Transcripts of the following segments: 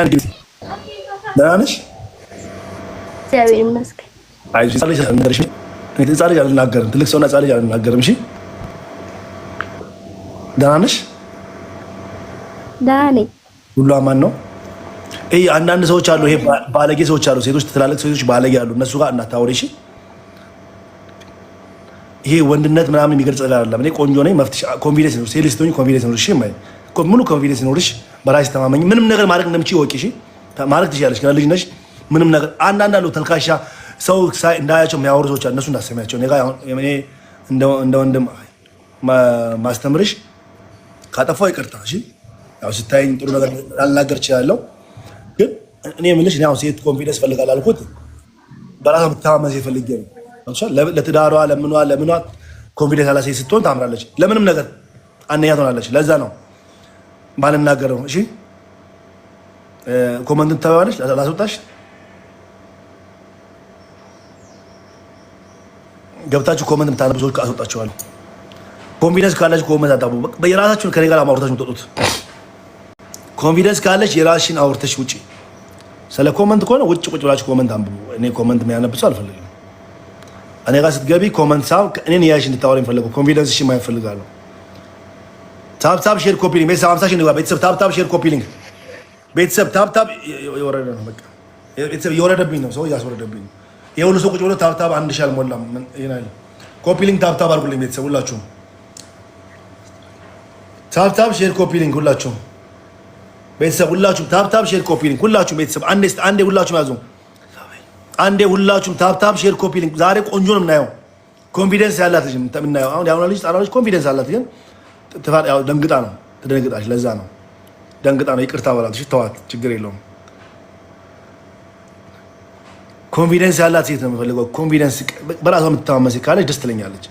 አንድ ደህና ህፃን ልጅ አልናገርም። ትልቅ ሰውና ህፃን ልጅ አልናገርም። እሺ ደህና ነሽ? ደህና ነኝ። ሁሉ አማን ነው። ይሄ አንዳንድ ሰዎች አሉ፣ ይሄ ባለጌ ሰዎች አሉ፣ ሴቶች፣ ትላልቅ ሴቶች ባለጌ አሉ። እነሱ ጋር እናታወሪ። እሺ ይሄ ወንድነት ምናምን የሚገልጽ አይደለም። እኔ ቆንጆ ነኝ፣ መፍትሽ ኮንፊደንስ ነው። ሴት ልጅ ኮንፊደንስ ሙሉ ኮንፊደንስ በራሴ ተማመኝ። ምንም ነገር ማድረግ እንደምችል ወቂ ማድረግ ትችላለች። ገና ልጅ ነች። ምንም ነገር አንዳንድ አለው ተልካሻ ሰው እንዳያቸው የሚያወሩ ሰዎች እነሱ እንዳሰሚያቸው እኔ እንደ ወንድም ማስተምርሽ ካጠፋው ይቅርታ። እሺ ያው ስታይኝ ጥሩ ነገር ላልናገር እችላለሁ፣ ግን እኔ የምልሽ እኔ አሁን ሴት ኮንፊደንስ ፈልጋል አልኩት በራሷ የምትተማመን ሴት ፈልጌ ነው። ለትዳሯ ለምኗ ለምኗ ኮንፊደንስ ያላት ሴት ስትሆን ታምራለች። ለምንም ነገር አንደኛ ትሆናለች። ለዛ ነው ባልናገር ነው። እሺ ኮመንትን ተባባለች ላስወጣሽ ገብታችሁ ኮመንት የምታነቡ ሰዎች አስወጣችኋለሁ። ኮንፊደንስ ካለች ኮመንት አታቡ። የራሳችሁን ከኔ ጋር አውርታችሁ ምጠጡት። ኮንፊደንስ ካለች የራስሽን አውርተሽ ውጪ። ስለ ኮመንት ከሆነ ውጭ ቁጭ ብላችሁ ኮመንት አንብቡ። እኔ ኮመንት የሚያነብ ሰው አልፈልግም። እኔ ጋር ስትገቢ ኮመንት ሳ እኔን ያሽ እንድታወር የሚፈለገው ኮንፊደንስሽን ማየት እፈልጋለሁ። ታብታብ ሼር ኮፒ ሊንክ ቤተሰብ አምሳ ሺህ ቤተሰብ ታብታብ ሼር ኮፒ ቤተሰብ ታብታብ የወረደ ነው። በቃ ቤተሰብ የወረደብኝ ነው፣ ሰው እያስወረደብኝ ነው። የሁሉ ሰው ቁጭ ብሎ ታብታብ አንድ ሺህ አልሞላም። ይናል ታብታብ አድርጉልኝ ቤተሰብ ሁላችሁም፣ ታብታብ ሼር ኮፒ ሊንክ ሁላችሁም፣ ቤተሰብ ሁላችሁም፣ ታብታብ ሼር ኮፒ ሁላችሁም፣ ቤተሰብ አንዴ አንዴ ሁላችሁም ያዙ፣ አንዴ ሁላችሁም ታብታብ ሼር ኮፒሊንግ ዛሬ ቆንጆ ነው የምናየው፣ ኮንፊደንስ ያላት ልጅ የምናየው። አሁን ያሁን ልጅ ጣና ልጅ ኮንፊደንስ አላት ግን ደንግጣ ነው ትደነግጣለች። ለዛ ነው ደንግጣ ነው ይቅርታ በላት። ተዋት፣ ችግር የለውም። ኮንፊደንስ ያላት ሴት ነው የምፈልገው። ኮንፊደንስ በራሷ የምትተማመን ሴት ካለች ደስ ትለኛለች።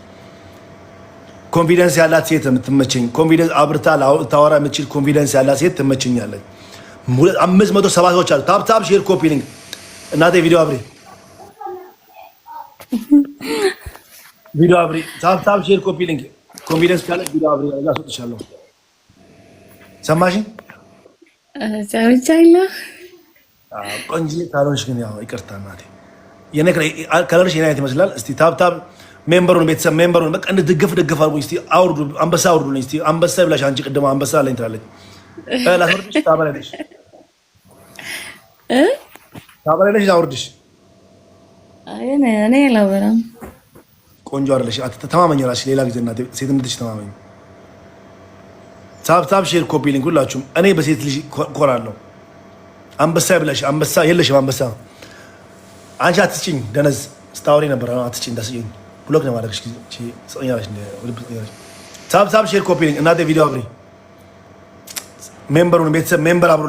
ኮንፊደንስ ያላት ሴት የምትመቸኝ፣ ኮንፊደንስ አብርታ ታወራ የምትችል ኮንፊደንስ ያላት ሴት ትመቸኛለች። አምስት መቶ ሰባ ሰዎች አሉ። ታብታብ ሼር ኮፒ ሊንግ እናቴ ቪዲዮ አብሬ ቪዲዮ አብሬ ታብታብ ሼር ኮፒ ኮንፊደንስ ካለ ቢሮ አብሬ ያደርጋ ሰጥቻለሁ። ሰማሽ? ሰምቻለሁ። ቆንጆ ካልሆንሽ ግን ያው ይቅርታ እናቴ፣ የኔ ካልሆንሽ የኔ ይመስላል። እስቲ ታብታብ ሜምበሩን ቤተሰብ ሜምበሩን በቃ እንደ ድግፍ ድግፍ አድርጉኝ እስቲ፣ አውርዱ አንበሳ አውርዱልኝ እስቲ። አንበሳ ብላሽ አንቺ ቅድማ አንበሳ አለኝ ትላለች። ላስወርድሽ ታበላለሽ ታበላለሽ አውርድሽ? እኔ አላወራም ቆንጆ አይደለሽ። ተማመኝ፣ ራስሽ ሌላ ጊዜ ሴት እንድትሽ ተማመኝ። ሳብሳብ ሼር ኮፒ ሊንክ ሁላችሁም። እኔ በሴት ልጅ ኮራለሁ። አንበሳ ይብላሽ። አንበሳ የለሽም። አንበሳ አንቺ አትጭኝ። ደነዝ ስታወሪ ነበር። አትጭኝ፣ እንዳስጭኝ ብሎክ ነው ማድረግሽ። ሳብሳብ ሼር ኮፒ ሊንክ እናቴ ቪዲዮ አብሪ። ሜምበሩ ቤተሰብ ሜምበር አብሮ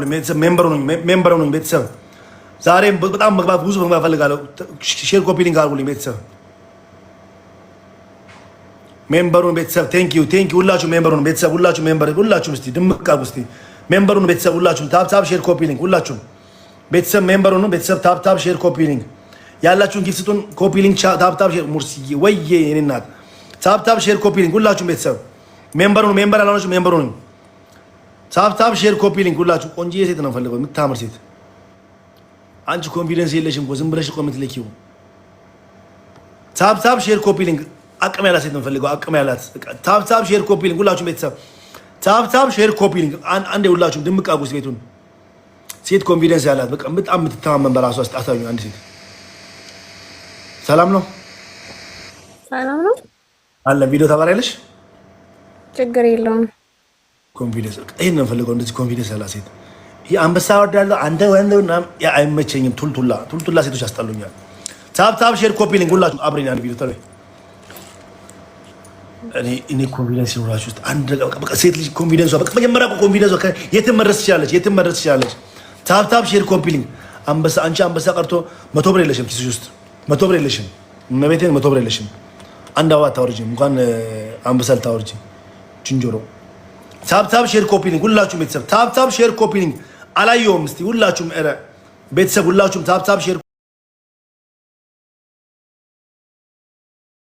ሜምበሩ ቤተሰብ ዛሬ በጣም መግባት ብዙ መግባት ፈልጋለሁ። ሼር ኮፒ ሊንክ አድርጉልኝ ቤተሰብ ሜምበሩን ቤተሰብ ቴንኪው ቴንኪው ሁላችሁም ሜምበሩን ቤተሰብ ሁላችሁም ሜምበር ሁላችሁም እስቲ ድምቅ አድርጉ እስቲ ሜምበሩን ቤተሰብ ሁላችሁም ታፕ ታፕ ሼር ኮፒ ሊንክ ሁላችሁም ቤተሰብ ሜምበሩን ቤተሰብ ታፕ ታፕ ሼር ኮፒ ሊንክ ያላችሁን ጊፍት ስጡን። ኮፒ ሊንክ ታፕ ታፕ ሼር ሙርሲ ወይዬ የእኔ እናት ታፕ ታፕ ሼር ኮፒ ሊንክ ሁላችሁም ቤተሰብ ሜምበሩን ሜምበር አላችሁ ሜምበሩን ታፕ ታፕ ሼር ኮፒ ሊንክ ሁላችሁ። ቆንጆዬ ሴት ነው ፈልገው የምታምር ሴት አንቺ ኮንፊደንስ የለሽም እኮ ዝም ብለሽ እኮ የምትልኪው ታፕ ታፕ ሼር ኮፒ ሊንክ አቅም ያላት ሴት ነው የምፈልገው። አቅም ያላት ታብታብ ሼር ኮፒ ሊንክ ሁላችሁም ቤተሰብ ታብታብ ሼር ኮፒ ሊንክ አንዴ ሁላችሁም ድምቅ አጉስ ቤቱን ሴት ኮንፊደንስ ያላት በቃ በጣም የምትተማመን በራሷ ውስጥ አሳዩ። አንድ ሴት ሰላም ነው ሰላም ነው አለ ቪዲዮ ታባሪያለሽ ችግር የለውም። ኮንፊደንስ ይህን ነው የምፈልገው። እንደዚህ ኮንፊደንስ ያላት ሴት አንበሳ ወዳለው አንተ ወንድ አይመቸኝም። ቱልቱላ ቱልቱላ ሴቶች ያስጠሉኛል። ታብታብ ሼር ኮፒ ሊንክ ሁላችሁም አብረኝ አንድ ቪዲዮ እኔ ኮንፊደንስ ይኖራችሁ ውስጥ አንድ ሴት ልጅ ኮንፊደንሷ በቃ መጀመሪያ ኮንፊደንሷ የትም መድረስ ትችላለች፣ የትም መድረስ ትችላለች። ታብታብ ሼር ኮምፒሊንግ አንበሳ አንቺ አንበሳ ቀርቶ መቶ ብር የለሽም ኪስሽ ውስጥ መቶ ብር የለሽም፣ መቤቴን መቶ ብር የለሽም። አንድ አበባ አታወርጂም፣ እንኳን አንበሳ ልታወርጂ ችንጆሮ። ታብታብ ሼር ኮምፒሊንግ ሁላችሁም ቤተሰብ ታብታብ ሼር ኮምፒሊንግ አላየውም። እስኪ ሁላችሁም ኧረ ቤተሰብ ሁላችሁም ታብታብ ሼር